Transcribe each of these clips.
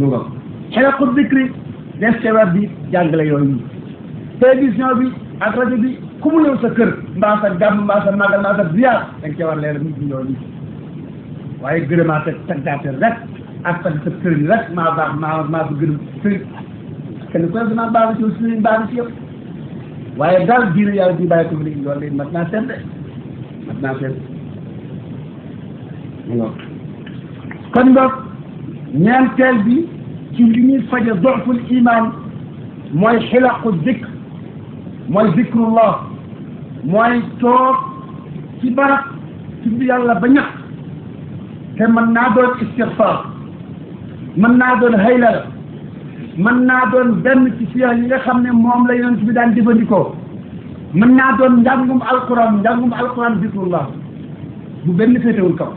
ñu nga xelaqu dikri def ca web bi jàngale yooyu télévision bi ak rajo bi ku mu ñëw sa kër mbaa sa gàmm mbaa sa màggal mbaa sa ziyaar da nga ca war leeral nit ñi yooyu waaye gërëmaa rek ak tag sa sëriñ rek maa baax maa maa fi gërëm sëriñ kenn ku ne maa baax ci yow sëriñ baax di bàyyi ko mu ne loolu léegi mat kon boog ñeenteel bi ci li ñuy faje doful iman mooy xilaqu dikr mooy zikrullah mooy toog ci barab tudd yàlla ba ñax te mën naa doon istigfar mën naa doon haylala mën naa doon benn ci siyaar yi nga xam ne moom la yonent bi daan jëfandikoo mën naa doon njàngum alquran njàngum alquran zikrullah bu benn féetewul kaw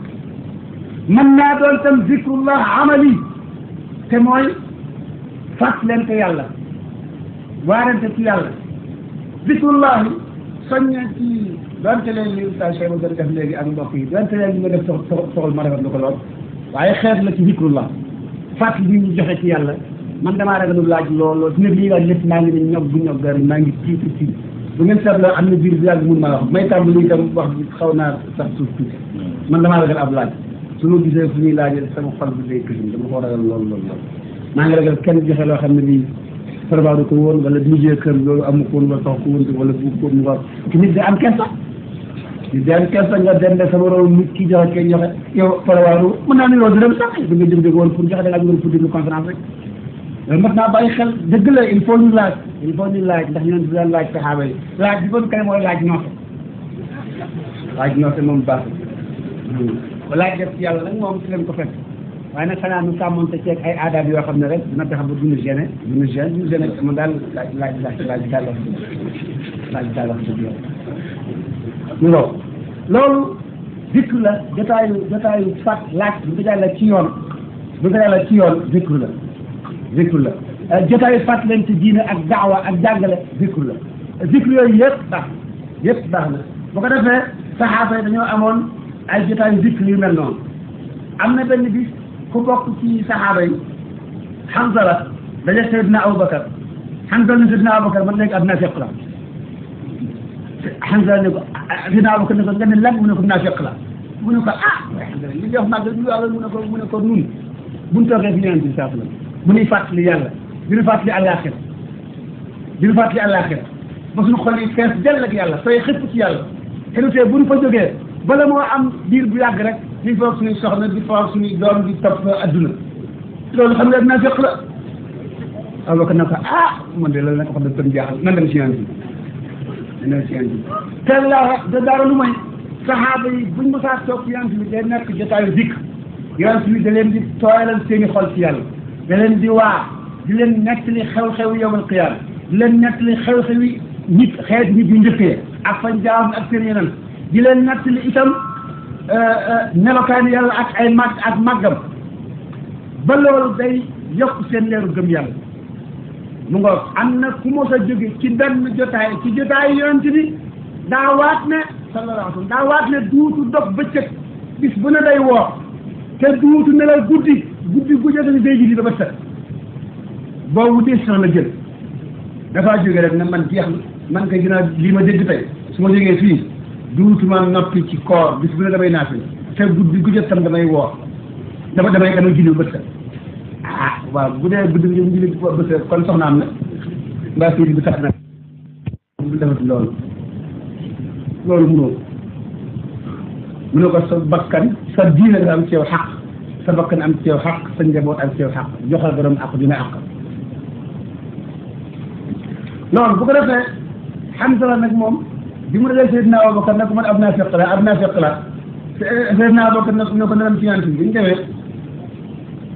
mën naa doon tam zikrullah amali te mooy fàttalante yàlla waarante ci yàlla zikrullahi soññe ci donte leen li ustaas Cheikh doon def ak mbokk yi donte leen li nga def sox ma rafetlu ko lool waaye xeet la ci zikrullah fàttali bi ñu joxe ci yàlla man damaa ragalul laaj lool lool suñu lii daal lépp maa ngi ne ñoom bu ñoom gari maa ngi tiitu tiit bu ngeen seetloo am na biir bi yàgg mun maa wax may tàmbali itam wax xaw naa sax suuf tuuti man damaa ragal ab laaj. su ma gisee fu ñuy laajee sama xol bi day këriñ dama ko ragal lool lool lool maa ngi ragal kenn joxe loo xam ne bii préparé ko woon wala mujjee kër loolu amu ko woon wala tax ko wala bu ko mu war ci nit da am kersa nit da am kersa nga dem ne sama room nit ki joxe kenn joxe naa ne loolu dina sax da nga jëm woon pour joxe da ngaa jógoon pour déglu conférence rek loolu mat naa bàyyi xel dëgg la il faut ñu laaj il faut ñu laaj ndax ñun daan laaj saxaaba yi laaj bi ko kay walaay def ci yàlla nag moom ci leen ko fekk waaye nag xanaa nu sàmmonte ceeg ay aadaab yoo xam ne rek dina tax ba duñu gêné duñu gêné duñu gêné mu daal laaj laaj laaj laaj daal wax laaj daal wax dëgg yow ñu loolu loolu dikku la jotaayu jotaayu fat laaj bu dëgg yàlla ci yoon bu dëgg yàlla ci yoon dikku la dikku la jotaayu fat leen ci diine ak daawa ak jàngale dikku la dikku yooyu yëpp baax yëpp baax na bu ko defee saxaaba yi dañoo amoon ay jotaay zikr yu mel noonu am na benn bis ku bokk ci saxaaba yi Hamza la daje Seydina Aboubacar Hamza ne Seydina Aboubacar man léegi ab naafeq la Hamza ne ko Seydina Aboubacar ne ko nga ne lan mu ne ko naafeq la mu ne ko ah li nga wax màgg lu yàlla mu ne ko mu ne ko nun buñ toogee fi ñaan bi saa la mu nuy fàttali yàlla di nu fàttali àllaaxira di nu fàttali àllaaxira ba suñu xol yi fees dell ak yàlla sooy xëpp ci yàlla te bu ñu fa jógee bala mo am bir bu yag rek di foog suñu soxna di foog suñu doom di top aduna loolu xam nga na fekk la waaw ko na ko ah man de loolu nag wax dëgg jaxal na dem ci yàlla na ci dem kala da dara lu may saxaaba yi buñ mosaa tok yant bi de nekk jotaay dik yant bi da len di toyalal seeni xol ci yàlla da len di wa di leen nettali xew-xew yowal qiyam di leen nettali xew xew nit xeet nit bi njëkkee ak fa njaam ak seen yenen di leen nattali itam euh, euh, melokaani yàlla ak ay màgg ak màggam ba loolu day yokk seen leeru gëm yàlla mu ngoog am na ku mos a jóge ci benn jotaay ci jotaay yonent bi daa waat ne sallallahu alayhi wa sallam daa waat ne duutu dog bëccëg bis bu ne day woor te duutu nelaw guddi guddi gu jotee day ji di ba set boobu décision la jël dafaa jóge rek ne man jeex man kay ginnaaw lii ma dégg tey su ma jógee fii duutuma noppi ci koor bis bu ne damay naafil te guddi gu tam damay woor dama damay damay julli bët ah waaw bu dee guddi gu jot julli bët set kon soxnaam na mbaa sëy bi tax loolu loolu sa bakkan sa diine dafa am ci yow xaq sa bakkan am ci yow xaq sa njaboot am ci yow xaq joxal borom àq dina àq loolu bu ko defee xam dara nag moom bi mu dajee Seydina Abubakar ne ko man ab naa feq la ab naa feq la eh, Seydina Abubakar ne ko ne dem ci yonent bi bi ñu demee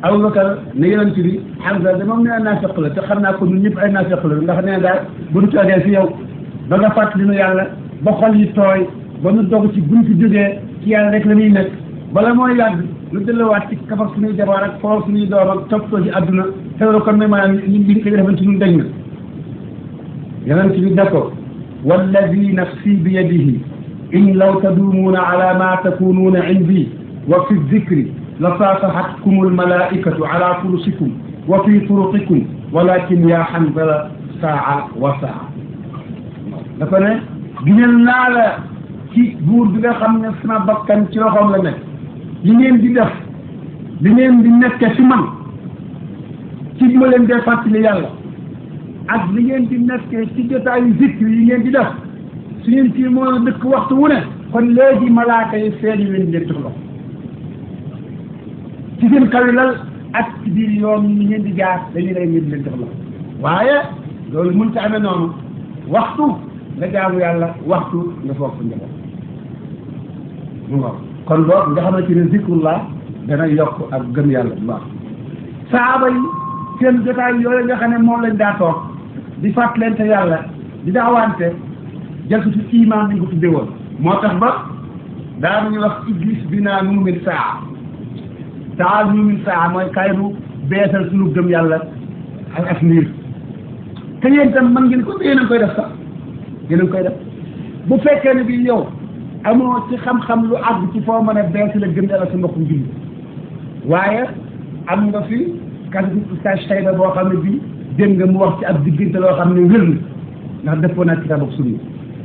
Abubakar ne yonent bi Hamza de moom nee naa feq la te xam naa ko ñun ñëpp na naa feq la ndax nee daal bu ñu toogee fi yow ba nga fàttali ñu yàlla ba xol yi tooy ba ñu dog ci buñ fi jógee ci yàlla rek la ñuy nekk bala mooy yàgg lu delluwaat ci kafar suñuy jabar ak foor suñuy doom ak toppatoo ci àdduna te loolu kon may maanaam ñu ñu ko defal ci ñun dañ na yonent والذي نفسي بيده إن لو تدومون على ما تكونون عندي وفي الذكر لصافحتكم الملائكة على فرسكم وفي طرقكم ولكن يا حنبلة ساعة وساعة دفنا جن النالة كي بور دي خم نسنا بكن كي رخم لنا لنين دي دف لنين دي نسك سمان كي مولين دي فاتي ak li ngeen di nekkee ci jotaayu zikr yi di def su ci moo dëkk waxtu wu ne kon léegi malaaka yi seen wen ngeen soxla ci seen lal ak ci biir yoon yi ngeen di jaar dañu lay ngeen waaye loolu mën ta amee noonu waxtu nga jaamu yàlla waxtu nga foog sa njaboot mu nga kon loolu nga xamante ne zikrullah dana yokk ak gëm yàlla bu baax saaba yi seen yooyu nga xam ne moom lañ daa di fàttalante yàlla di daawante jalsatu iman ñu ko tuddee woon moo tax ba daanañu wax iblis bi naa nuumil saa taal nuumil saa mooy kay nu beesal suñu gëm yàlla ak as niir te yéen man ngeen ko yéen a koy def sax yéen koy def bu fekkee ne bi yow amoo ci xam-xam lu àgg ci foo mën a beesal a gëm yàlla sa mbokku julli waaye am nga fi kàddu gi saa boo xam ne bii. dégg nga mu wax ci ab diggante loo xam ne wér na ndax dëppoo naa kitaab ak sunna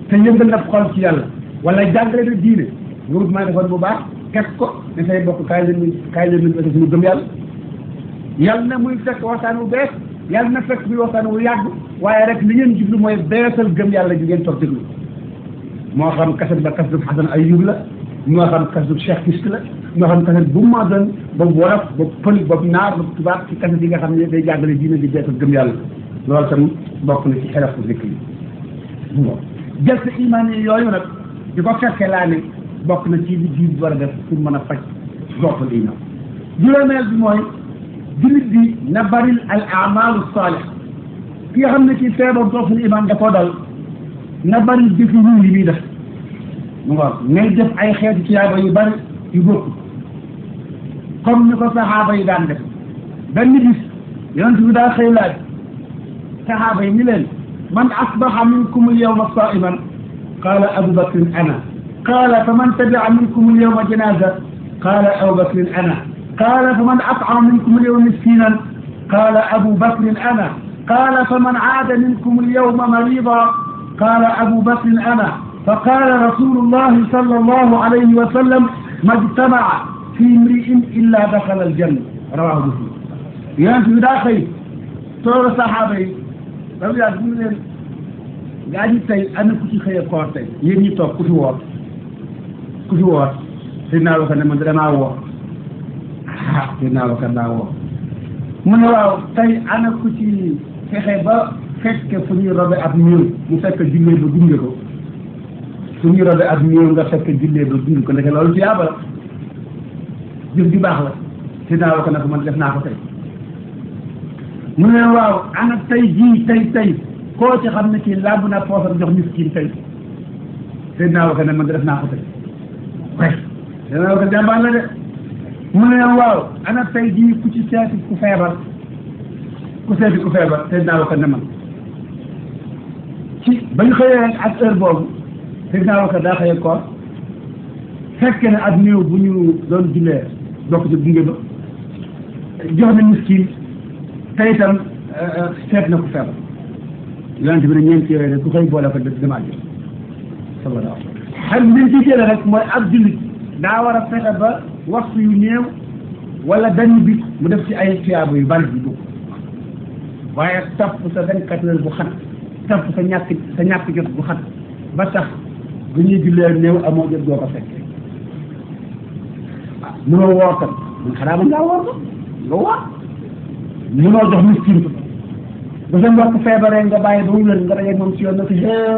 te yëngal na xol ci yàlla wala jàngale na diine nga wut maa defoon bu baax teg ko ne say bokk kaay leen ñu kaay leen ñu suñu gëm yàlla yàlla na muy fekk waxtaan wu bees yàlla na fekk muy waxtaan wu yàgg waaye rek li ngeen jublu mooy beesal gëm yàlla ji ngeen toog déglu moo xam kaset ba kasetub xasan ayub la moo xam kasetub cheikh kist la ñoo xam kaset bu ma doon ba wolof ba pël ba naar ba tubaab ci kaset yi nga xam ne day jàngale diine di beetal gëm yàlla loolu tam bokk na ci xelafu zikr yi jël sa iman yi yooyu nag di ko fekkee laa ne bokk na ci li jiib war a def pour mën a faj goppal iman juróomeel bi mooy julit bi na baril al amalu salih ki nga xam ne ci feebar goppal iman da koo dal na baril jëfi yi muy def mu ngoor ngay def ay xeeti ci yaaba yu bari yu bokkut comme ni ko saxaaba yi daan def benn bis yonent bi daa xëy laaj saxaaba yi ni leen man asbaxa minkum alyawma saiman qala abu bakrin ana qala faman tabia minkum alyawma janaza qala abu bakrin ana qala faman at'ama minkum alyawma miskinan qala abu bakrin ana قال فمن عاد منكم اليوم مريضا قال أبو بكر أنا فقال رسول الله صلى الله عليه وسلم ما اجتمع fi mri'in illa daxala al janna rawaahu muslim yonent bi daa xëy toolu saxaaba yi ba mu yàgg ñi tey ana ku ci xëyee koor tey yéen ñi toog ku fi woor ku fi woor Seydina Abubakar ne man de damaa woor ah Seydina Abubakar daa woor mu ne waaw tey ana ku ci fexe ba fekk fu ñuy robe ab néew mu fekk jullee ba gunge ko fu ñuy robe ab néew nga fekk jullee ba gunge ko ndeke loolu ci yaabal jëf ju baax la si daaw ko nag man def naa ko tey mu ne waaw ana tey jii tey tey koo ci xam ne kii làmb naa poosam jox miskin tey te naa ko ne man def naa ko tey way danaa ko jàmbaar la de mu ne waaw ana tey jii ku ci seeti ku feebar ku seeti ku feebar te naa ko ne man ci bañ xëyee rek ak heure boobu te naa ko daa xëyee koor fekk na ab néew bu ñu doon jullee bokk ci gunge ba jox na miskin te itam euh, euh, seet na ko feebar yonente bi ne ñeenti yooyu rek ku koy boole ko dama àjjana sallallahu alayhi wa rek mooy ab jullit daa war a fexe ba waxtu yu néew wala benn bi mu def ci ay tuyaaba yu bari bi dugg waaye topp sa vingt quatre bu xat topp sa ñàkk sa ñàkk jot bu xat ba tax bu ñuy jullee néew amoo jot doo ko fekkee منو ورطة من خلاب من دار ورطة لو منو جه مسكين بزن وقت فيبرين غا باي دولر غا رجع ممسيون نفي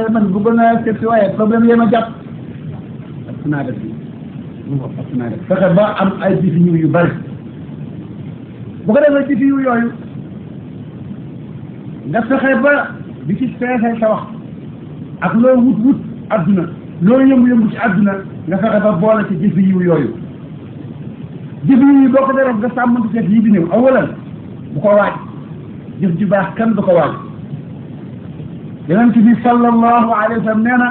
من بغنا سيبسي واي problem يما جاب أتنا بسي فخر با أم أي دي في نيو يبال بغنا ما دي في نيو يو نفس فخر با بيشي سيئة سيئة سواق أقلو ووت ووت أدنا لو يوم يوم بش أدنا نفخر با بولا تجي في نيو يو يو jëf yi boo ko dee def nga sàmmante seet yii di ñëw awalan bu ko waaj jëf ju baax kenn du ko waaj yonent bi sallallahu alayhi wa sallam nee na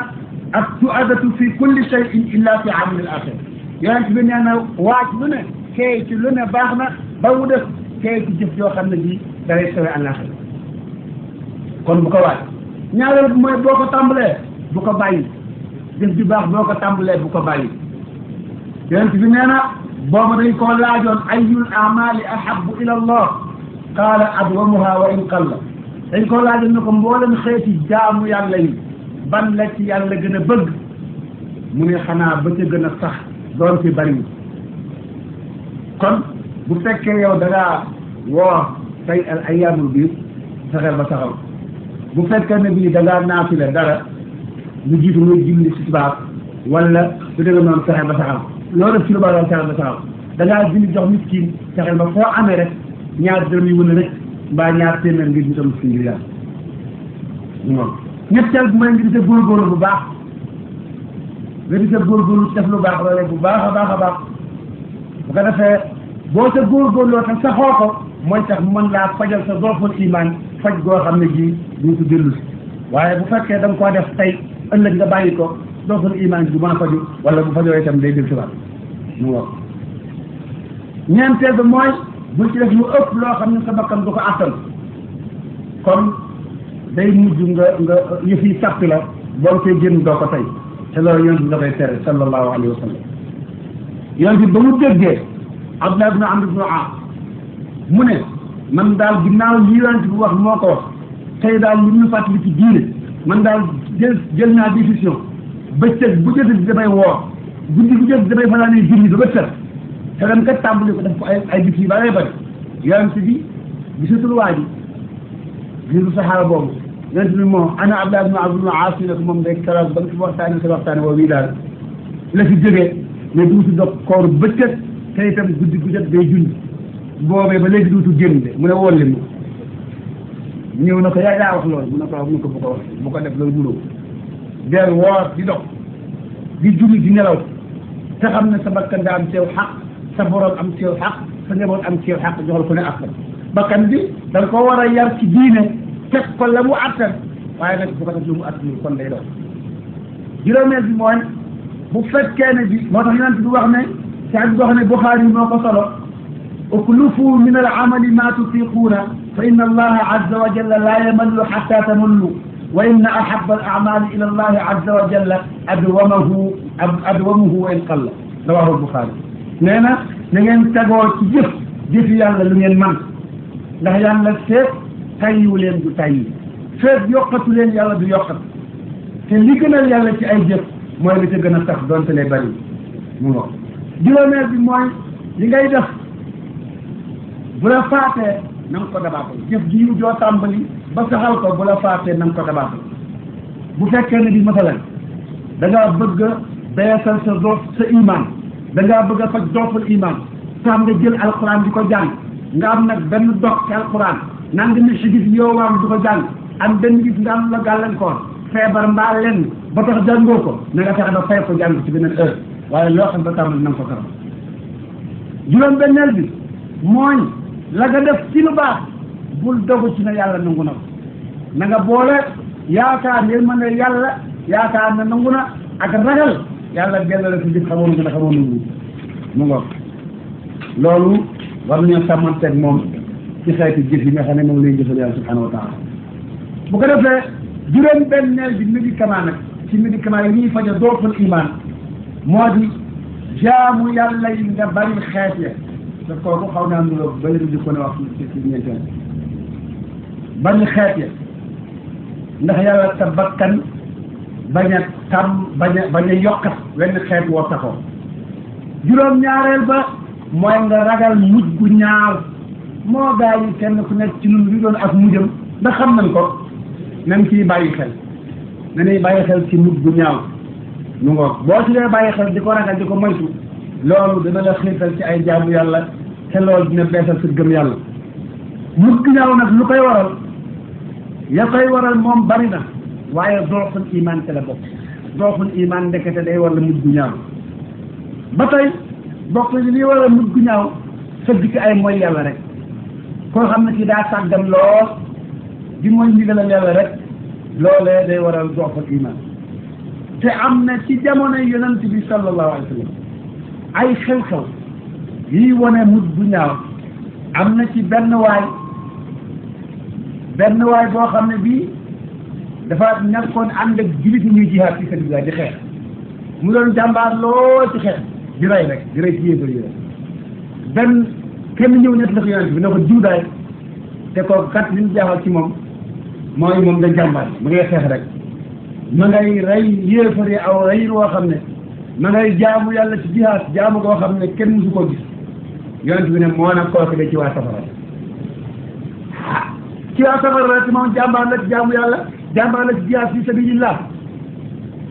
ak tuadatu fi kulli shay'in illa fi amal al axir yonent bi nee na waaj lu ne kay ci lu ne baax na ba mu def kay ci jëf yoo xam ne bii da lay sawee àllaaxir kon bu ko waaj ñaareel bi mooy boo ko tàmbalee bu ko bàyyi jëf ju baax boo ko tàmbalee bu ko bàyyi yonent bi nee na boobu dañ ko laajoon ay amali ahabu ila allah qaala adwamuha wa in qalla dañ koo laajoon ne ko mboolem xeeti jaamu yàlla yi ban la ci yàlla gën a bëgg mu ne xanaa ba ca gën a sax doon fi bari kon bu fekkee yow da ngaa woor tey al ayyaamul biir fexeel ba saxal bu fekkee ne bii da ngaa naafila dara lu jiitu muy julli si wala su demee noonu fexeel ba saxal loolu def ci lu baax daal kanam kanam da ngaa dindi jox miskin fexeel ba foo amee rek ñaar dërëm yu wële rek mbaa ñaar téeméer ngir ñu tam miskin ngir yàlla moom ñetteel bu may ngir sa góorgóorlu bu baax nga di sa góorgóorlu def lu baax loolee bu baax a baax a baax bu ko defee boo sa góorgóorloo te saxoo ko mooy tax mën laa fajal sa doful iman faj goo xam ne jii duñ ko dellu si waaye bu fekkee da nga koo def tey ëllëg nga bàyyi ko dootul iman du mën a faju wala bu fajoo itam day dil tubaab mu wax ñeenteel bi mooy bul ci def lu ëpp loo xam ne sa bakkan du ko attan kon day mujj nga nga yëf yi sàpp la boo koy génn doo ko tey te loolu yonent bi da koy tere sallallahu alayhi wa sallam yonent bi ba mu déggee abdullah ibn amr ibn aas mu ne man daal ginnaaw li yonent bi wax moo ko wax tey daal lu ñu fàttali ci diine man daal jël jël naa décision bëccëg bu jotee damay woor guddi bu jotee damay fanaan ni julli ba bëccëg te ren kat tàmbali ko def ko ay ay bis yu bëree bëri yonent bi gisatul waa ji gisatul saxaaba boobu yonent bi moom ana Abdallah ibn Abdul Aas ne ko moom day keroog ba nga fi waxtaanee sa waxtaan woowu yi daal la fi jógee mais duutu dog koor bëccëg te itam guddi bu jot day julli boobee ba léegi duutu génn de mu ne woon leen ñëw na ko yaa yaa wax loolu mu ne ko wax mu ne ko bu wax bu ko def loolu mënoo del woor di dox di julli di nelaw te xam ne sa bakkan da am seew xaq sa borom am seew xaq sa njaboot am seew xaq joxal ko ne àttan bakkan bi da nga ko war a yar ci diine teg ko la mu àttan waaye nag bu ko def lu mu àttanul kon day dox juróomeel bi mooy bu fekkee ne bi moo tax yonent bi wax ne ci ak gox ne buxaari moo ko solo uklufu min al amali ma tutiquuna fa inna allaha azza wa jalla laa yamallu xatta tamallu wa inna ahabba al amali ila allahi azza wa jalla adwamahu adwamuhu wa in qalla rawahu al buxaari nee na na ngeen tagoo ci jëf jëfi yàlla lu ngeen man ndax yàlla feet tayyiwu leen du tayyi feet yokkatu leen yàlla du yokkat te li gënal yàlla ci ay jëf mooy li ca gën a tax donte lay bari mu ngoog juróomeel bi mooy li ngay def bu la faatee na nga ko dabaatal jëf ji yiw joo tàmbali ba saxal ko bu la faatee na nga ko dabaatal bu fekkee ne bi masalan da ngaa bëgg a beesal sa doof sa iman da ngaa bëgg a faj dooful iman saam nga jël alquran di ko jàng nga am nag benn dox ci alquran naan nga si gis yow waam di ko jàng am benn gis nga am la gàllankoor feebar mbaa lenn ba tax jàngoo ko na nga fexe ba fay ko jàng ci beneen heure waaye loo xam ba tàmbali na nga ko karam juróom benneel bi la nga def ci lu baax bul dogu ci na yàlla nangu na ko na nga boole yaakaar yërmande yàlla yaakaar na nangu na ak ragal yàlla gën la ko di xamoon nga xamoon nangu mu ngoog loolu war nañoo sàmmanteeg moom ci xeeti jëf yi nga xam ne moom lay jëfal yàlla subhanahu wa taala bu ko defee juróom benneel bi médicament nag ci médicament yi ñuy faja doofal iman moo di jaamu yàlla yi nga bari xeet ya te kooku xaw naa ba bële di ko ne wax ci ci ñeenteel bañ xeet ya ndax yàlla sa bakkan bañ a tam bañ a bañ yokkat wenn xeet woo taxoo juróom ñaareel ba mooy nga ragal mujj gu ñaaw moo gaa yi kenn ku nekk ci ñun lu doon ak mujjam ndax xam nañ ko nañ ciy bàyyi xel nañuy bàyyi xel ci mujj gu ñaaw ñu ngoog boo ci dee bàyyi xel di ko ragal di ko moytu loolu dana la xiital ci ay jaamu yàlla te loolu dina beesal sa gëm yàlla mukk ñaaw nag lu koy waral ya koy waral moom bari na waaye dooxul iman te la bokk dooxul iman ndekete day war la mujj ñaaw ba tey bokk li liy war a ñaaw sëgg ci ay mooy yàlla rek koo xam ne ci daa sàggan lool di mooy ndigalal yàlla rek loolee day waral dooxul iman te am na ci jamono yonent bi sallallahu alayhi ay xew-xew yiy wane mujj bu ñaaw am na ci benn waay benn waay boo xam ne bii dafa nekkoon ànd ak jullit ñuy jihaad ci sabilillah di xeex mu doon jàmbaar lool ci xeex di rey rek di rey ci yéefar yi benn kenn ñëw net la ko yonent bi ne ko diw daay te kooku kat li ñu ci moom mooy moom da jàmbaar mu ngay xeex rek ma ngay rey yéefar yi aw rey woo xam ne ma ngay jaamu yàlla ci jihaad jaamu koo xam ne kenn musu ko gis yonent bi ne moo nag kooku de ci waa safara ah, ci waa safara la ci moom jàmbaar la ci jaamu yàlla jàmbaar la ci jihaad fi sabilillah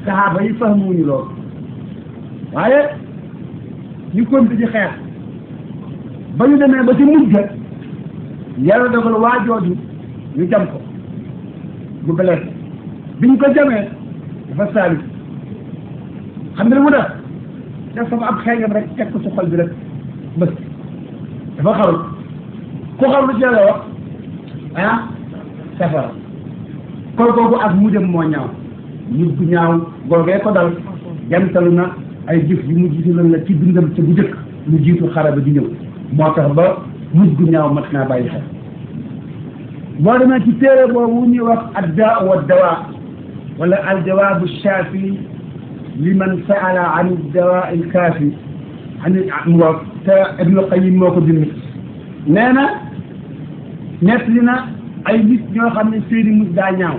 sahaaba yi fahmuñu loolu waaye ñu konti ci xeex ba ñu demee ba ci mujj yàlla dogal waa jooju ñu jam ko bu blessé biñ ko jamee dafa saalit xam nga lu mu def def ko ab xeeñam rek teg ko ci xol bi rek bës dafa xarul ku xarul lu ci yàlla wax ah safara kon kooku ak mu dem moo ñaaw nit bu ñaaw googee ko dal jantalu na ay jëf yu mu jiitu lan la ci dundam ca bu jëkk lu jiitu xaraba di ñëw moo tax ba mujj gu ñaaw mat naa bàyyi xel boo demee ci téere boobu ñuy wax adda wa dawa wala aljawabu shafi لمن سأل عن الدواء الكافي عن الموت ابن القيم موكو دين نانا نفسنا اي نيت ньо خامني سيدي موسى دا نياو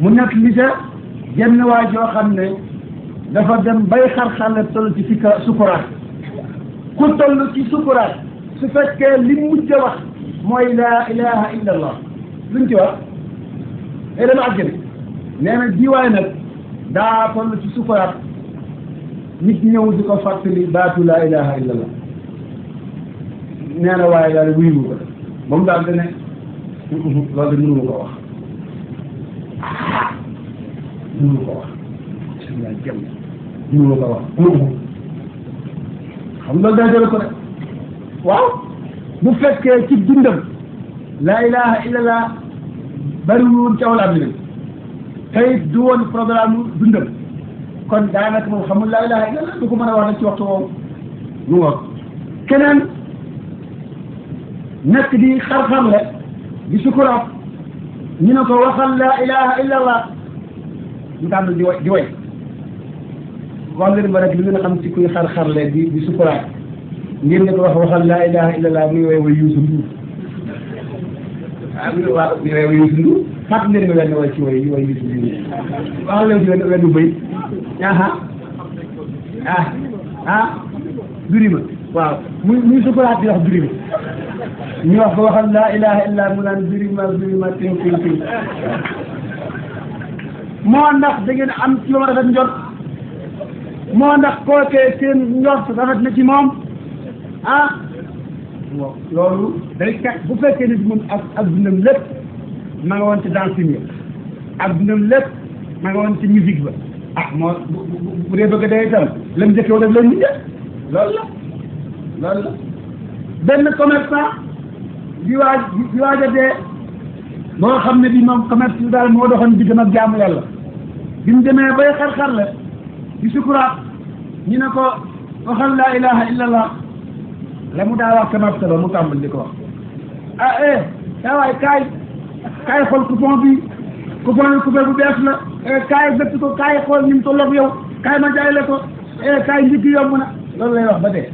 مو نك ليجا جن وا جو خامني دا فا دم باي خار خال تول سي فيكا سوكورا كو تول سي سوكورا سو فك لي موجا واخ موي لا اله الا الله لنجي واخ اي لا ما عجل نانا ديواي نك daa toll ci sukuraat nit ñëw di ko fàttali baatu laa ilaha illallah nee na waaye daal wuyu ko moom daal dane loolu de mënu ko wax mënu ko wax bismillah jëm mënu ko wax xam nga daa jël ko de waaw bu fekkee ci dundam laa ilaha illallah bariwul ci awlaam bi tey du woon programme dundam kon daanaka moom xamul laa ilaha illa allah du ko mën a wax nag ci waxtu woowu mu ngoog keneen nekk di xar-xarle di sukuraat ñu ne ko waxal laa ilaha illa allah mu tàmbali di way di way wax leen ma rek li ngeen xam ci kuy xar-xarle di di sukuraat ngeen ne ko wax waxal laa ilaha illa allah muy way way yuusu nduur ah muy waa muy way way yuusu nduur fàttali leen nga wenn way ci way way yi tudd wax leen ci wenn bëy aha ah ah durima ah, ah. waaw muy muy sukuraat di wax durima ñu wax ba waxal laa ilaha illa mu naan durima durima tin tin tin moo ndax da ngeen am ci moom rafet njort moo ndax kookee seen njort rafet na ci moom ah loolu day kat bu fekkee nit mun ak ak dundam lépp ma nga woon ci danse bi adduna lépp nga woon ci ba ah moo bu dee bëgg day itam la mu njëkkee woon ak la mu njëkk loolu la loolu la benn commerçant di waaj di waaj xam ne di moom commerce bi daal moo doxoon diggam ak jaamu yàlla bi mu demee bay xar-xar la di sukuraat ñu ne ko waxal laa ilaha illa la mu daal wax commerce ba mu tàmbali di ko ah eh daa waay kaay kaay xool coupon bi coupon bi coupé bu bees la eh, kaay bëtt ko kaay xool ni mu tolloog yow kaay ma jaay la ko eh, kaay njëkk yomb na loolu lay wax ba dee.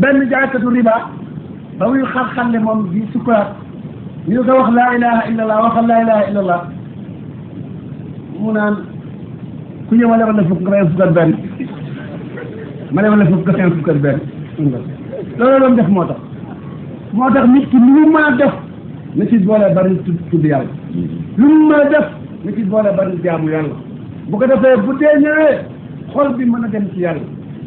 benn jaaykatu riba ba muy xar-xarle moom di sukkaat ñu ko wax laa ilaha illallah waxal laa ilaha illallah mu naan ku ñëw ma lebal la fukk nga may fukk ak benn ma lebal la fukk nga feen fukk ak benn loolu la def moo tax moo tax nit ki lu mu mën a def na ci boole bari tudd yàlla lu mu mën a def na ci boole bari jaamu yàlla bu ko defee bu dee ñëwee xol bi mën a dem ci yàlla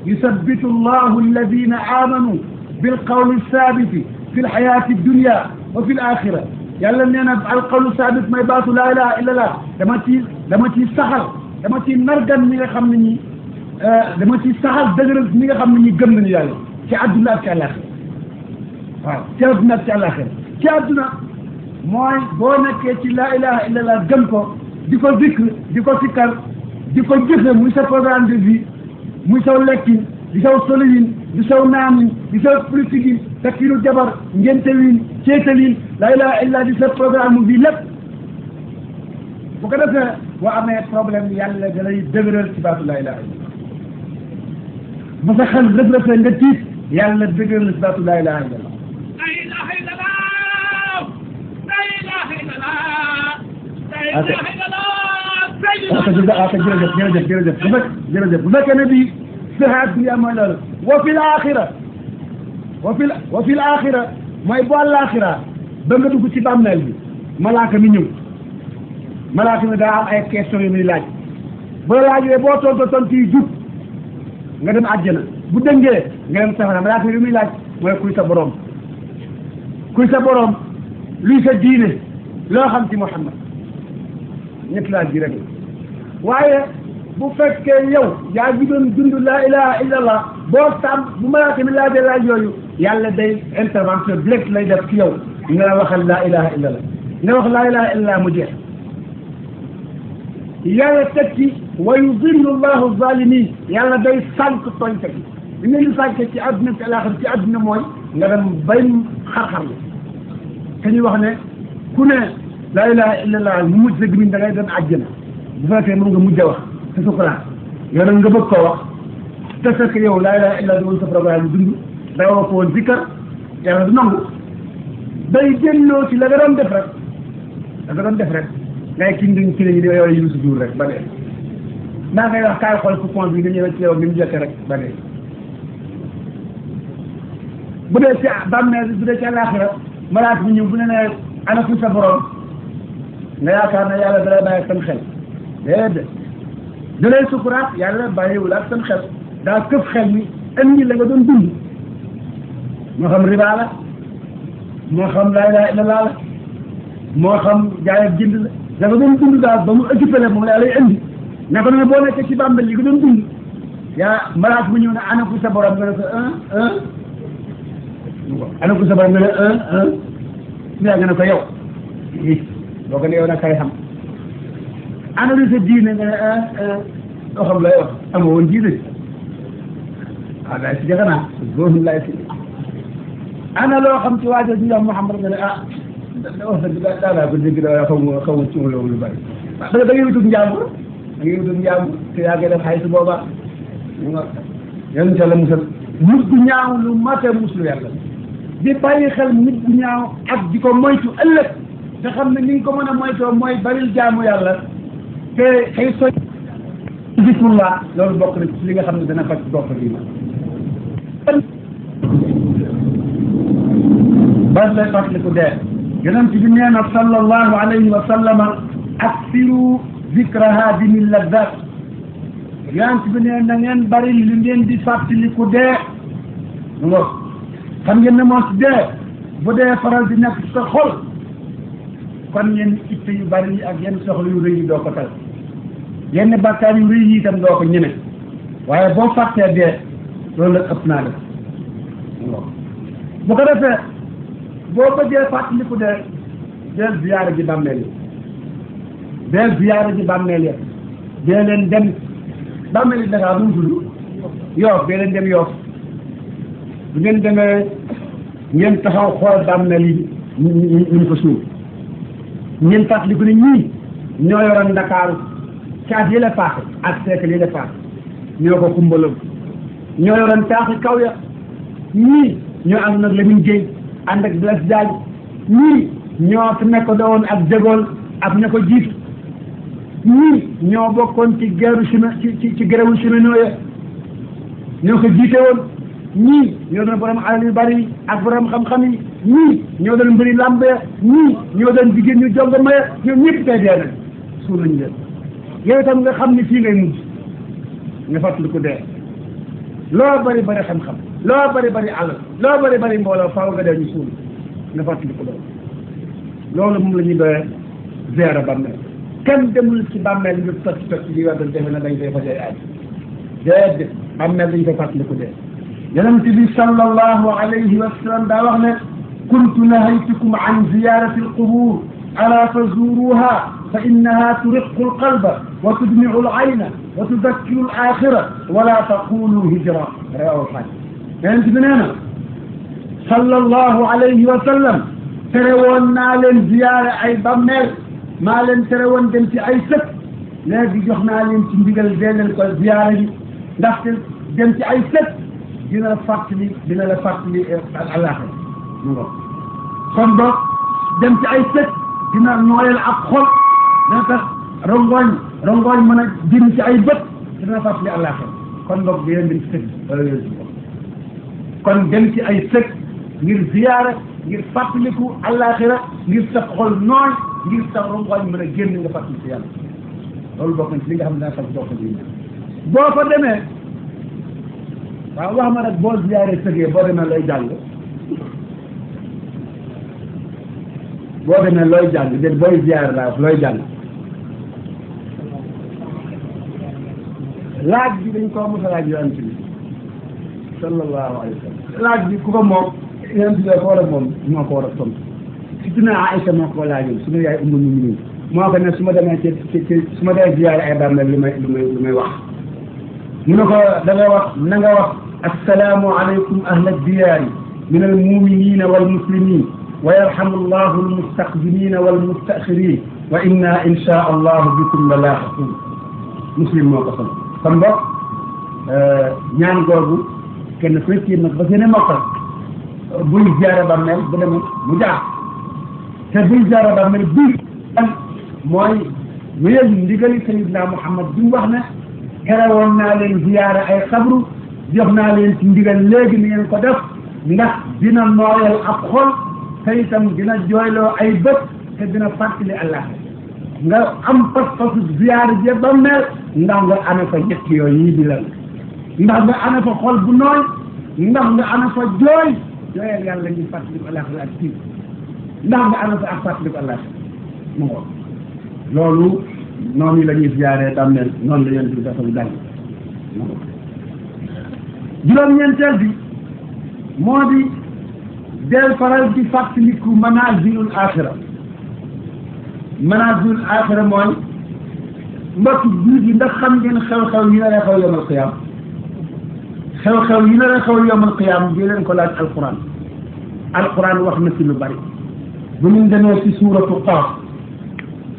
yusabbitu llahu alladina amanu bilqawli sabiti fi lxayati dunia wa fi laxira yàlla nee na alqawlu sabit may baatu laa ilaha illa allah dama ci dama ci saxal dama ci nargan mi nga xam ne ñi dama ci saxal dëgëral mi nga xam ne ñi gëm nañu yàlla تي ادنا تي الاخر واه تي ادنا تي الاخر تي ادنا موي بو نكي تي لا اله الا الله گم كو ديكو ذكر ديكو فكر ديكو جيف موي سا بروغرام دي في موي سا ليكي دي سو سولين دي سو نام دي سو بريتيكي تكيرو جبر نينتوين تيتلين لا اله الا الله دي سا بروغرام دي لب bu ko defee boo amee problème yàlla da yàlla dëgëral si baatu laa ilaha illallah laa ilaha illallah laa ilaha illallah ata jërëjëf jërëjëf jërëjëf bu fekk jërëjëf bu fekkee ne bi saxaat bi yaa mooy loolu wa fi l axira wa fi wa fi l axira mooy bu àllaaxira ba nga dugg ci bàmmeel bi malaaka mi ñëw malaaka mi daa am ay question yu muy laaj ba laajee boo tontu tontu yi jub nga dem àjjana bu dëngee nga yem safara balaa fi lu muy laaj mooy kuy sa borom kuy sa borom luy sa diine loo xam ci Muhammad ñett laaj ji rek waaye bu fekkee yow yaa ngi doon dund laa ilaha illa allah boo tam bu malaaka mi laajee laaj yooyu yàlla day intervention direct lay def ci yow nga la waxal laa ilaha illa allah nga wax laa ilaha illa allah mu jeex yàlla teg ci wa yudillu llahu zalimin yàlla day sànq tooñkat yi bi nga ñu sàkkee ci àdduna ci ci àdduna mooy nga dem bay xar-xar la te wax ne ku ne laa ilaha illallah mu mujj sa gimiñ da ngay dem na bu fekkee moom nga mujj a wax te sukuraat yow nag nga bëgg koo wax te fekk yow laa ilaha illallah woon sa programme dund da wax ko woon zikkar yàlla du ci la nga doon def rek def rek ngay kin diñ ki nañi di yow yuusu duur rek ba dee naa ngay wax kaay xool coupon bi nga ñëwee ci yow rek ba dee bu dee ci bàmmeel bu dee ci àllaaxira malaat mu ñëw bu ne nee ana fu sa borom nga yaakaar ne yàlla dalay bàyyi seen xel déedéet da lay sukuraat yàlla bàyyiwul ak seen xel daa këf xel mi indi la nga doon dund moo xam riba la moo xam laa ilaaha illallaah la moo xam jaay jënd la da nga doon dund daal ba mu occupé la moom la lay indi naka noonu boo nekkee ci bàmmeel li nga doon dund yaa malaat mu ñëw ne ana fu sa borom nga ne ko un ah, ah. ana ko sabar nga ne un eh, un eh. nga ne ko yow boo ko ne yow nag kay xam ana lu sa diine nga ne un un doo xam lay wax amoo woon diine waaw daal si jaxanaa boobu laay si ana loo xam ci waajal ñu wax Mouhamad nga ne ah da wax dëgg daal laa ko dégg daal xaw ma xaw ma ci ma loolu lu bari waaw da ngay wutug njàmbur da ngay wutug njàmbur te yaa ngi def xay su boobaa mu nga yàlla musal mut gu ñaaw lu mate muslu yàlla di bàyyi xel nit ñaaw ak di ko moytu ëllëg te xam ne ni ko mën a moytoo mooy baril jaamu yàlla te xëy soñ bismillah loolu bokk na ci li nga xam ne dana faj bokk bi ma bas lay fàttaliku dee yonent bi nee na sallallahu alayhi wa sallama aksiru zikra haadimi ladat yonent bi nee na ngeen bari li ngeen di fàttaliku dee mu ngoog xam ngeen ne moos dee bu dee faral di nekk sa xol kon yenn itte yu bari yi ak yenn soxla yu rëy yi doo ko tal yenn bàkkaar yu rëy yi itam doo ko ñeme waaye boo fàttee dee loolu la ëpp naa def bu ko defee boo bëggee fàttaliku dee deel ziyaara ji bàmmeel yi deel ziyaara ji bàmmeel yi dee leen dem bàmmeel yi Dakar bu mu tudd yoof dee leen dem yoof bu ngeen demee ngeen taxaw xool bàmmeel yi ñu ñu ñu ko suul ngeen fàttali ko ne ñoo yoroon Ndakaaru caat yi la paase ak siècle yi la paase ñoo ko kumbaloon ñoo yoroon taaxi kaw ya ñii ñoo ànd nag Lamine Gueye ànd ak Blaise ñoo fi nekk ak De ak ña ko jiitu ñii ñoo bokkoon ci ci ci ci gerewu cheminots ya ko jiite woon. ñii ñoo doon borom alal yu bari ak borom xam-xam yi ñii ñoo doon mbëri làmb ya ñii ñoo doon jigéen ñu jongama ya ñoom ñëpp tey dee nañ suur nañ leen yow nga xam ni fii ngay mujj nga fàttali ko dee loo bari bari xam-xam loo bari bari alal loo bari bari mbooloo faaw nga de ñu suul nga fàttali ko loolu loolu moom la ñuy doyee ziyaara bàmmeel kenn demul ci bàmmeel ñu toj toj di weddal defe na dañ fay fajee aaj déedéet bàmmeel dañ fay fàttali ko dee يلنت بي صلى الله عليه وسلم دا وخنا كنت نهيتكم عن زيارة القبور ألا تزوروها فإنها ترق القلب وتدمع العين وتذكر الآخرة ولا تقولوا هجرة رواه الحديث يلنت بنانا صلى الله عليه وسلم تروان نال زيارة أي بامير ما لن تروان دمت أي سك لا بيجوخنا لن تنبيل زيارة القلب زيارة دخل دمت أي سك dina fàttali dina la fàttali ak eh, àllaaxira mu ngoog kon boog dem ci ay sët dina nooyal ak xol dina tax rongooñ rongooñ mën a jëm ci ay bët dina fàttali àllaaxira kon boog di leen dem ci sët kon dem ci ay sët ngir ziyaara ngir fàttaliku àllaaxira ngir sa xol nooy ngir sa rongooñ mën a génn nga fàttali ci yàlla loolu bokk na ci li nga xam ne dina tax dox ko boo ko demee waaw wax ma nag boo ziyaare sëgee boo demee looy jàng boo demee looy jàng déet booy ziyaare laa looy jàng laaj bi dañ koo mos a laaj yonent bi sallallahu alayhi wa sallam laaj bi ku ko ko war a moom moo ko war a tontu fitna Aïcha moo umm moo ko ne su ma demee ci ci ma demee ay bàmmeel li may li wax mu ne ko da wax na السلام عليكم أهل الديار من المؤمنين والمسلمين ويرحم الله المستقدمين والمستأخرين وإنا إن شاء الله بكم للاحقون مسلم مقصد فنبا نعم قربو كان فريكي مقصدين مقصد بوي زيارة بامل بنام مجاع تبوي زيارة بامل بوي موي ويجن لقلي سيدنا محمد دي وحنا كرا زيارة أي خبرو jox naa leen ci ndigal léegi ni ngeen ko def ndax dina nooyal ab xol te itam dina jooyloo ay bët te dina fàttali allah nga am pas-pasu ziyaar je ba mel ndax nga ame fa ñett yooyu yi di lan ndax nga ame fa xol bu nooy ndax nga ame fa jooy jooyal yàlla ñu fàttali ko allah ak kii ndax nga ame fa ak fàttali allah mu ngoon loolu noonu la ñuy ziyaaree bàmmeel noonu la yéen di defal juróom-ñeenteel bi moo di del faral di fàttaliku manazilul axira manazilul axira mooy mbokk juut yi ndax xam ngeen xew-xew yi nara xew yawmal qiyaam xew-xew yi nara xew yawmal qiyaam di leen ko laaj alquran alquran wax na ci lu bari bu ñu demee ci suuratu qaaf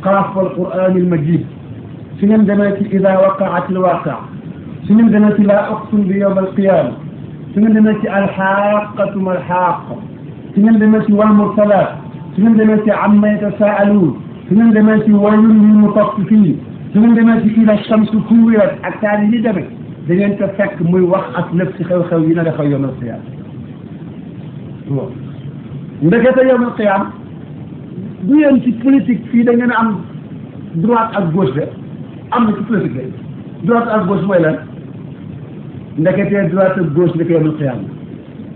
qaaf wal qur'an al majid su ngeen demee ci ida waqaat al waaqia سنين دنا لا أقسم بيوم القيامة سمين دنتي الحاقة ما الحاقة سمين دنتي والمرسلات سمين دنتي عما يتساءلون سمين دنتي ويل للمطففين سمين دنتي إلى الشمس كورت أكثر أكتالي دمك دنا تفك مي وقت نفسي خيو خيو ينا لخيو يوم القيامة ndekete yow al qiyam bu yéen ci politique fii da ngeen am droite ak gauche de am na ci politique de droite ak gauche mooy lan نكتي ادوات الجوش لك يوم القيامة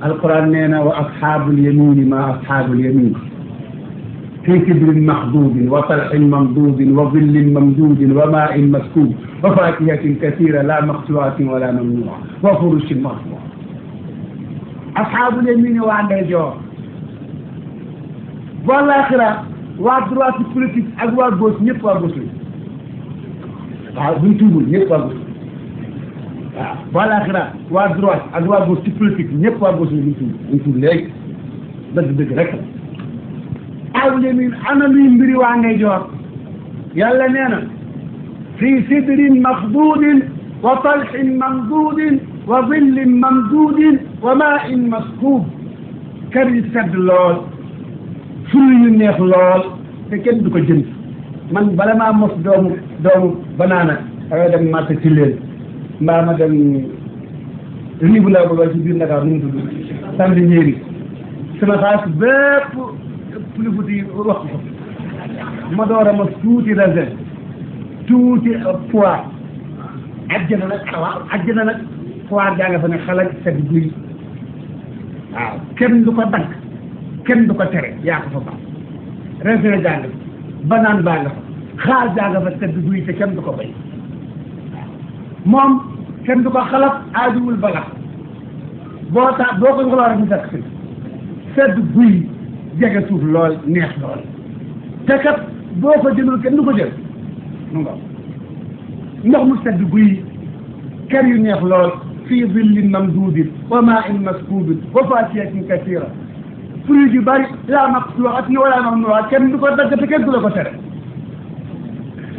القرآن نينا وأصحاب اليمين ما أصحاب اليمين في كبر محدود وطلح ممدود وظل ممدود وماء مسكوب وفاكهة كثيرة لا مقطوعة ولا ممنوعة وفرش مرفوعة أصحاب اليمين وعند الجواب والآخرة وعد رواسي كل تيس أقوى بوس نقوى بوسوي بنتوبوا نقوى بوسوي waaw balaaxira waa droite ak waa gauche ci politique ñëpp waa gauche la ñu tudd ñu tudd léegi dëgg dëgg rek aw yamin ana luy mbiri waa ngay joor yàlla nee na fii sidrin maxduudin wa talxin mamduudin wa zillin mamduudin wa maa'in maskuub kër yi sedd lool furu yu neex lool te kenn du ko jënd man bala maa mos doomu doomu banaana dangay dem marché ci leen mbaa ma dem nii bu laa bëggoon ci biir Ndakaar nu mu tudd sant ñeeri sama xaalis bépp pli futi wax ko ma door a ma tuuti raisin tuuti poire ajjana nag nag poire gaa fa ne xalak sag guy waaw kenn du ko dank kenn du ko tere yaa ko fa ba raisin gaa banaan baa nga fa xaal gaa fa sag guy te kenn du ko bay moom kenn du ko xalaf aajuwul bala boo taa boo ko ngoloo rek mu dakk si sedd guy jege suuf lool neex lool te kat boo ko jëlul kenn du ko jël mu nga ndox mu sedd guy kër yu neex lool fii zillin mamduudin wa maa'in maskuubin wa faakihatin kasiira fruit yu bari laa maqsuu'atin wa laa mamnuu'a kenn du ko dagg te kenn du la ko tere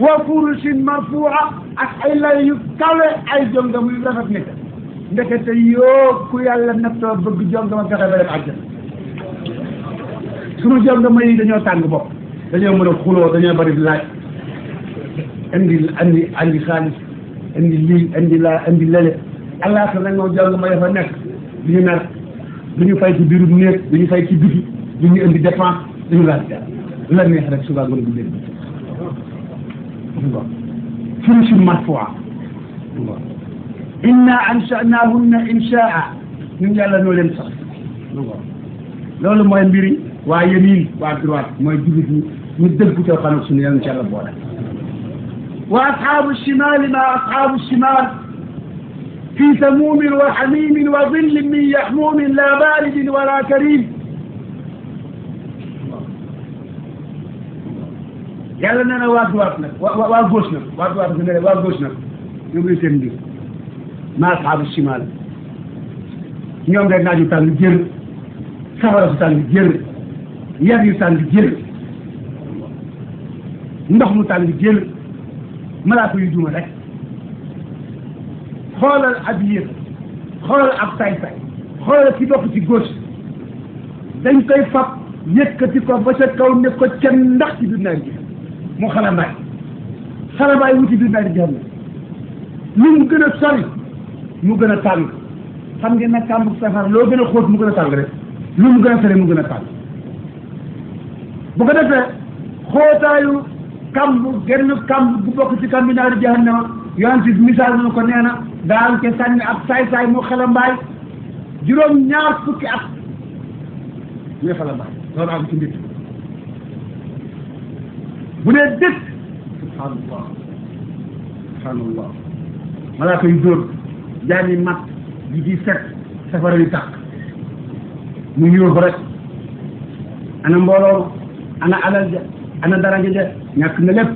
wa furushin marfuu'a ak ay lay yu kawe ay jongama yu rafet nekk ndekete yoo ku yàlla nattoo bëgg jongama fexe ba def àjjana sunu jongama yi dañoo tàng bopp dañoo mën a xuloo dañoo bari laaj indi andi andi xaalis indi lii indi laa indi lële alaaka nag moom jongama dafa nekk du ñu mer du ñu fay ci biirum néeg du ñu fay ci biti du ñu indi dépense du la neex rek suba ngoon bu dégg الله فرش مرفوعة الله إنا أنشأناهن إنشاء من يلا نول الله لول ما ينبري ويمين وعبد ما يجيبني ندق بتاع خلاص إن شاء الله بولا وأصحاب الشمال ما أصحاب الشمال في سموم وحميم وظل من يحموم لا بارد ولا كريم yàlla nee na waa droite nag waa waa gauche nag waa droite bi ne waa gauche nag ñoom ñooy seen mbir maa asxaabu shimaal ñoom de naaj yu tàng jër safara su tàng jër yar yu tàng jër ndox mu tàng jër malaaka yu duma rek xoolal ab yéer xoolal ab tay-tay xoolal ci bopp ci gauche dañ koy fab yëkkati ko ba ca kaw ne ko kenn ndax ci biir naaj bi mu xalambaay xalambaay wuti biir daal di jàmm lu mu gën a sori mu gën a tàng xam ngeen nag kàmbu safar loo gën a xóot mu gën a tàng rek lu mu gën a sori mu gën a tàng bu ko defee xóotaayu kàmb genn kàmb bu bokk ci kàmb naaru jahannama yonent bi misaal na ko nee na daan ke sànni ab saay-saay mu xalambaay juróom ñaar fukki at muy xalambaay loolu am bu dee dëkk subhaanallah subhaanallah malaaka yu dóor jaan yi mat yi di set safara yi tàkk mu yóobu rek ana mbooloo ana alal ja ana daraja ja ñàkk na lépp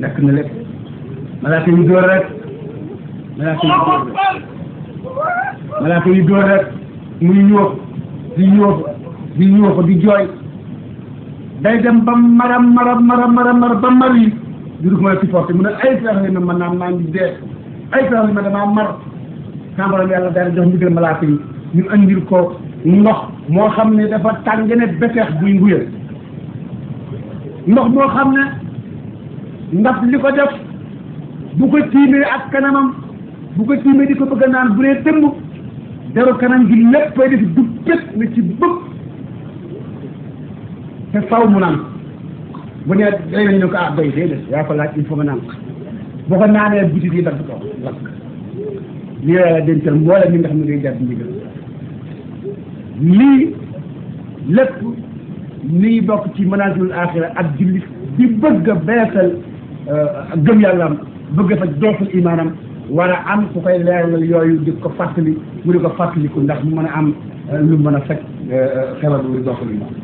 ñàkk na lépp malaaka yu dóor rek malaaka yu dóor rek malaaka yu dóor rek muy yóob di yóob di yóob di jooy day dem ba maram maram maram maram maram ba mar yi du du ko mën a supporté mu ne ay sarax yi ma man naa maa ngi dee ay sarax yi ma damaa mar sàmbaram yàlla daal jox ndigal malaaka yi ñu andil ko ndox moo xam ne dafa tàng ne beteex buy nguyal ndox moo xam ne ndax li ko def bu ko tiimee ak kanamam bu ko tiimee di ko bëgg a naan bu dee dëmm deru kanam gi lépp ay def du pét na ci bëpp te faw mu naan bu ne day nañu ko ah doy déedéet yaa ko laaj il faut nga naan boo ko naanee butit yi daf ko lakk lii la dencal mboolem mi nga xam ne day jàpp ndigal lii lépp liy bokk ci manaasilul axira ak jullit di bëgg a beesal gëm yàllaam bëgg a fa dootul imaanam wala am ku koy leeral yooyu di ko fàttali mu di ko fàttaliku ndax mu mën a am lu mën a fekk xelal bu dootul imaanam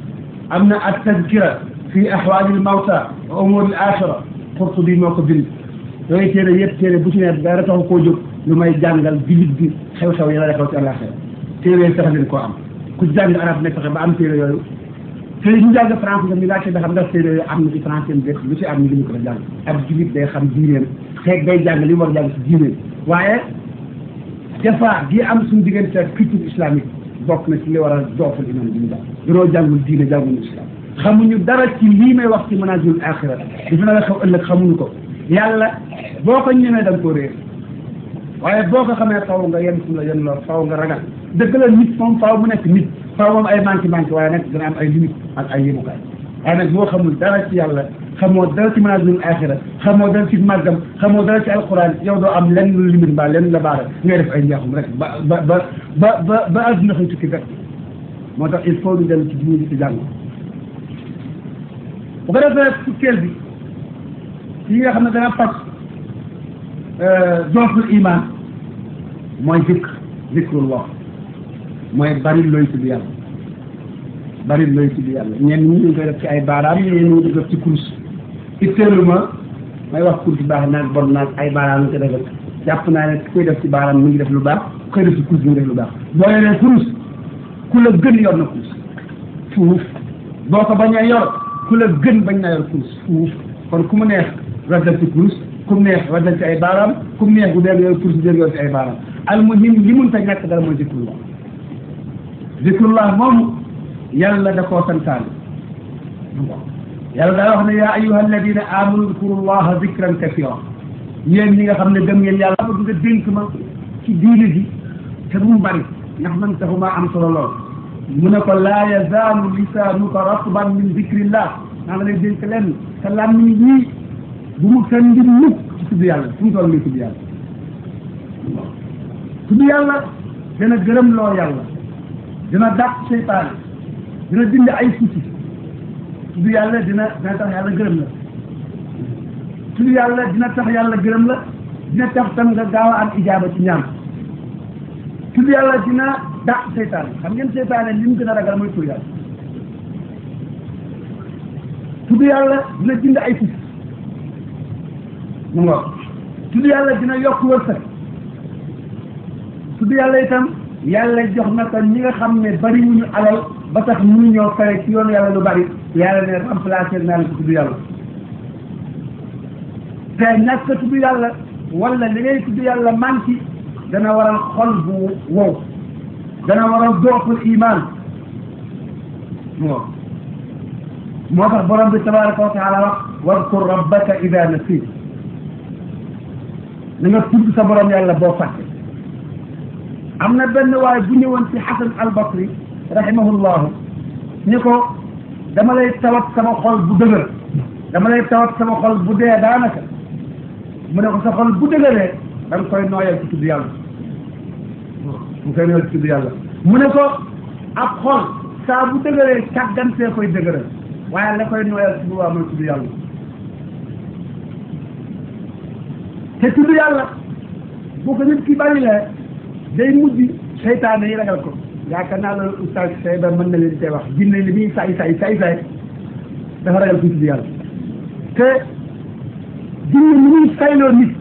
أمنع التذكرة في أحوال الموتى وأمور الآخرة قلت بي موقف جلد ويتير يبتير بسنة بارته قوجب لما يجانغ الجلد خيوسة ويلا لك وتعالى خير تير يتخذ الكوام كنت جانغ أنا في نفسك بأم تير يولو في يجانغ فرانسي جميع لا شيء بخمدر تير يولو أمن في فرانسي مبيك لسي أمن جلد كبير جانغ أب جلد دي خم دينين خيك بي جانغ لي مور جانغ سجينين وعي جفا دي أم سندقين تير كتب إسلامي بوكنا سلي ورا دوفل إمام جلدان danoo jàngul diine jàngul islam xamuñu dara ci lii may wax ci manajul axira defe na la xaw ëllëg xamuñu ko yàlla boo ko ñemee da nga ko réer waaye boo ko xamee faw nga yenn fu la yenn lor faw nga ragal dëgg la nit moom faw mu nekk nit faw moom ay manqué manqué waaye nag dana am ay limite ak ay yemukaay waaye nag boo xamul dara ci yàlla xamoo dara ci manajul axira xamoo dara ci màggam xamoo dara ci alquran yow doo am lenn lu limite mbaa lenn la baara ngay def ay njaaxum rek ba ba ba ba ba adduna xëy tukki rek moo tax il faut ñu dem ci diine ci jàng bu ko defee fukkeel bi yi nga xam ne dana faj jooful euh, iman mooy zikr zikrullah mooy bari looy tudd yàlla bari looy tudd yàlla ñenn ñi ñu koy def ci ay baaraam ñenn ñi def ci kurus itteelu ma may wax kurus baax naag bon naag ay baaraam ñu ko defal jàpp naa ne ku koy def ci baaraam mu ngi def lu baax ku koy def ci kurus mu ngi def lu baax boo yoree kurus ku la gën yor na kurus fuuf boo ko bañ a yor ku la gën bañ na yor kurus fuuf kon ku mu neex rajal ci kurus ku mu neex rajal ci ay baaraam ku mu neex bu dee yor kurus jël yor ci ay baaraam almuhim li mun ta ñàkk dara mooy zikrullah zikrullah moom yàlla da koo santaane yàlla daa wax ne yaa ayuha alladina amanu zkurullaha zikran kasira yéen ñi nga xam ne gëm ngeen yàlla bëgg nga dénk ma ci diine ji te bu mu bari ndax man taxu maa am solo lool mu ne ko laa yazaalu ko rasban min zikrillah maa ngi lay dénk leen sa làmmiñ bi bu mu fen di mukk ci tudd yàlla fu mu toll nii tudd yàlla tudd yàlla dina gërëm loo yàlla dina dàq seytaane ay suuti dina dina tax yàlla gërëm la tudd yàlla dina tax yàlla gërëm la gaaw a am ijaaba ci ñaan tudd yàlla dina dàq seytaane xam ngeen seytaane li mu gën a ragal mooy tudd yàlla tudd yàlla dina ya. dind ay tus mu ngoog tudd yàlla dina yokk ya, wërsëg tudd yàlla itam yàlla ya, jox na ko ñi nga xam ne bari wuñu alal ba tax mënu ñoo fare ci yoonu yàlla lu bari yàlla ne remplacé naa la ko tudd yàlla te ñàkk tudd yàlla wala li ngay tudd yàlla manqué دنا ورا الخلف وو دنا ورا ضعف الايمان ما تخبر رب تبارك وتعالى واذكر ربك اذا نسيت لما تكون صبرا يا الله بو فك امنا بن واي بو في حسن البصري رحمه الله نيكو دما لي توب سما خول بو دغر دما لي توب سما خول بو دانك من خول بو دغر دا نكوي نويال في تبيالو mu koy newal tudd yàlla mu ne ko ab xol saa bu dëgëree càggantee koy dëgëral waaye la koy nooyal si boobaa mooy tudd te tudd yàlla boo ko nit ki bàyyilee mu mujj seytaane yi ragal ko yaakaar naa loolu oustaz Seyba mën na leen tey wax jinne li muy saay saay saay saay dafa ragal kuy tudd yàlla te jinne li muy sayloo nit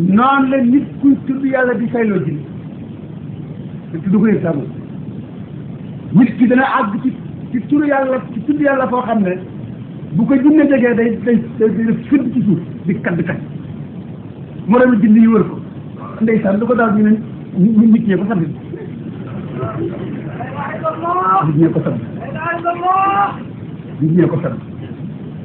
noonu la nit kuy tudd yàlla di sayloo jinne dañ ci dugg islam nit ki dana àgg ci ci turu yàlla ci tudd yàlla foo xam ne bu ko junne jegee day day day def fëdd ci suuf di kat di kat moo demee jinne yi wër ko ndeysaan lu ko daal ñu ne ñu nit ñee ko sant nit ñee ko sant nit ñee ko sant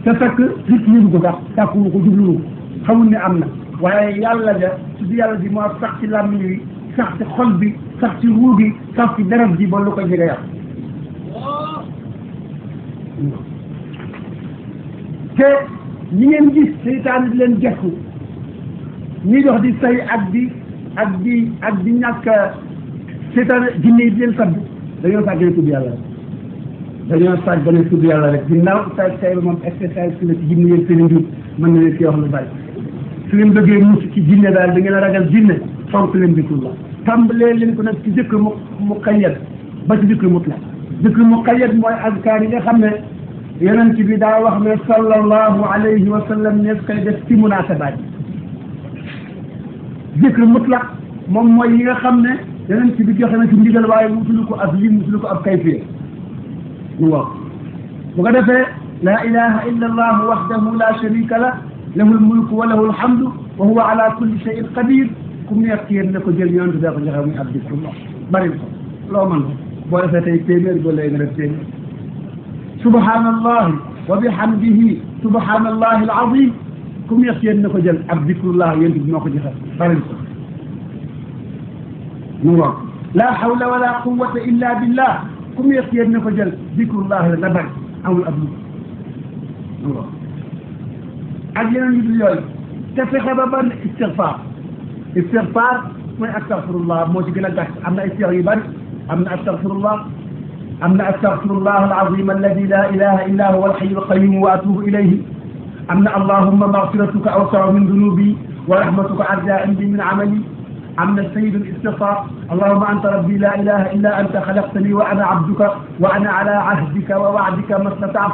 te fekk nit ñi ko sax sàkkuwu ko jubluwu ko xamul ne am na waaye yàlla ja tudd yàlla ji moo tax ci làmmiñ wi sax ci xol bi sax ci ruu bi sax ci deret ji ba lu ko jege yàq te ñi ngeen gis seytaan di leen gestu ñuy dox di say ak di ak di ak di ñàkk seytaan jinne yi di leen sadd dañoo sàggane tudd yàlla rek dañoo sàggane tudd yàlla rek ginnaaw say say ba moom spécial si la ci jinne yéen seen mbir mën na leen ci wax lu bari su leen bëggee mucc ci jinne daal da ngeen a ragal jinne fonk leen bikrullah tàmbalee leen ko nag ci dëkk mu muqayyad ba ci dëkk mutlaq dëkk muqayyad mooy azkaar yi nga xam ne yonent bi daa wax ne sallallahu alayhi wa sallam nees koy def ci munaasabaat yi dëkk mutlaq moom mooy yi nga xam ne yonent bi joxe na ci ndigal waaye wutulu ko ab lim wutulu ko ab kayfiyee mu wax bu ko defee la ilaha illa allah wahdahu la sharika la lahu almulku wa lahu alhamdu wa huwa ala kulli shayin qadir ku neex ci yéen ne ko jël yoon bi daa ko joxe muy abdi pour loo bari ko loo man boo defee tey téeméer boo lay nga def téeméer subhanallahi wa bihamdihi subhanallahi alazim ku neex ci yéen ne ko jël ab dikrullah yéen bi moo ko joxe bari ko mu ngoog la hawla wala quwwata illa billah ku neex ci yéen ne ko jël dikrullah la nga bari amul ab mu ngoog ak yeneen yu dul yooyu te fexe ba ban istigfar استغفار من استغفر الله مو جينا داك امنا استغفر يبار استغفر الله امنا استغفر الله العظيم الذي لا اله الا هو الحي القيوم واتوب اليه امنا اللهم مغفرتك اوسع من ذنوبي ورحمتك ارجى عندي من عملي عم السيد الاستغفار اللهم انت ربي لا اله الا انت خلقتني وانا عبدك وانا على عهدك ووعدك ما استطعت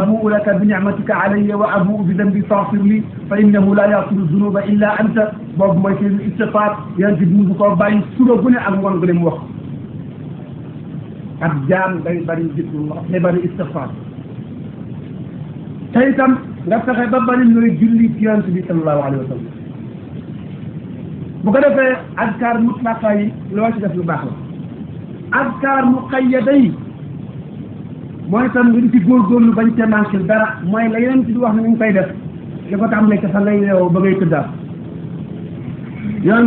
ابوء لك بنعمتك علي وابوء بذنبي فاغفر لي فانه لا يغفر الذنوب الا انت بوب ما سيد الاستغفار ينجب من بوب باي سولو غني اك وون غني موخ اك جام داي باري جيت سيدنا باري استغفار تايتام نفخه بابا نوري جولي تيانتي صلى الله عليه وسلم bu ko defee azkar mutlaqa yi loo ci def lu baax la azkar muqayyada yi mooy tam nga ci góorgóorlu bañ ca manqué dara mooy la yeneen ci di wax ni ñu koy def da ko tàmbalee ca sa lay yeewoo ba ngay tëddaat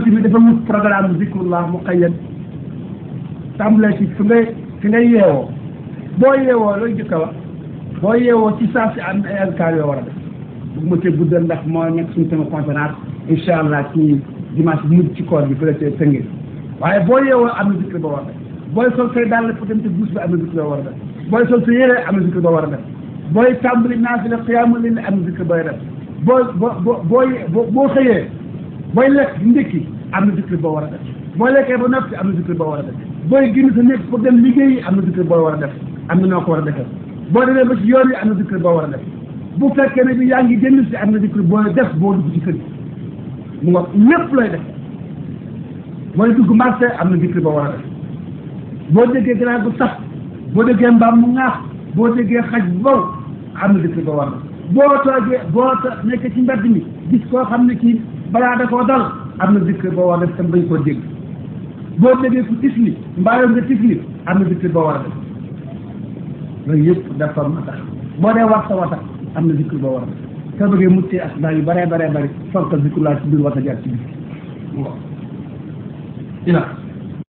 ci bi dafa mu programme zikrullah muqayyad tàmbalee ci fi ngay fi ngay yeewoo boo yeewoo looy jëkk a wax boo yeewoo ci saa si am ay azkar yoo war a def bu ma cee guddal ndax moo nekk suñu sama conférence incha allah ci dimanche bu mujj ci koor bi fële ca tëngee waaye boo yeewoo am na zikr boo war a def booy sol say dàll pour dem ci douche bi am na zikr boo war a def booy sol sa yére am na zikr boo war a def booy tàmbali naafila xiyaamu lil am na zikr booy def boo boo booy boo xëyee booy lekk ndékki am na zikr boo war a def boo lekkee ba noppi am na zikr boo war a def booy génn sa nekk pour dem liggéeyi am na zikr boo war a def am na noo ko war a defee boo demee ba ci yoon yi am na zikr boo war a def bu fekkee ne bi yaa ngi génn si am na zikr boo def boo dugg ci kër mu nga lépp lay def mooy dugg marché am na dikk ba war a def boo déggee ganaar gu boo déggee mbaam mu ŋaax boo déggee xaj wow am na dikk ba war a def boo toogee boo to nekk ci mbedd mi koo xam ne kii balaa koo dal am na dikk ba war a ba tam bañ koo boo déggee ku tifli mbaayoon nga tifli am na dikk ba war a def loolu yëpp dafa ma tax boo dee wax sa wata am na dikk ba war soo bëggee muccee accident yu bare bare bare solka zikrullaa ci biir wata jaar ci biir waaw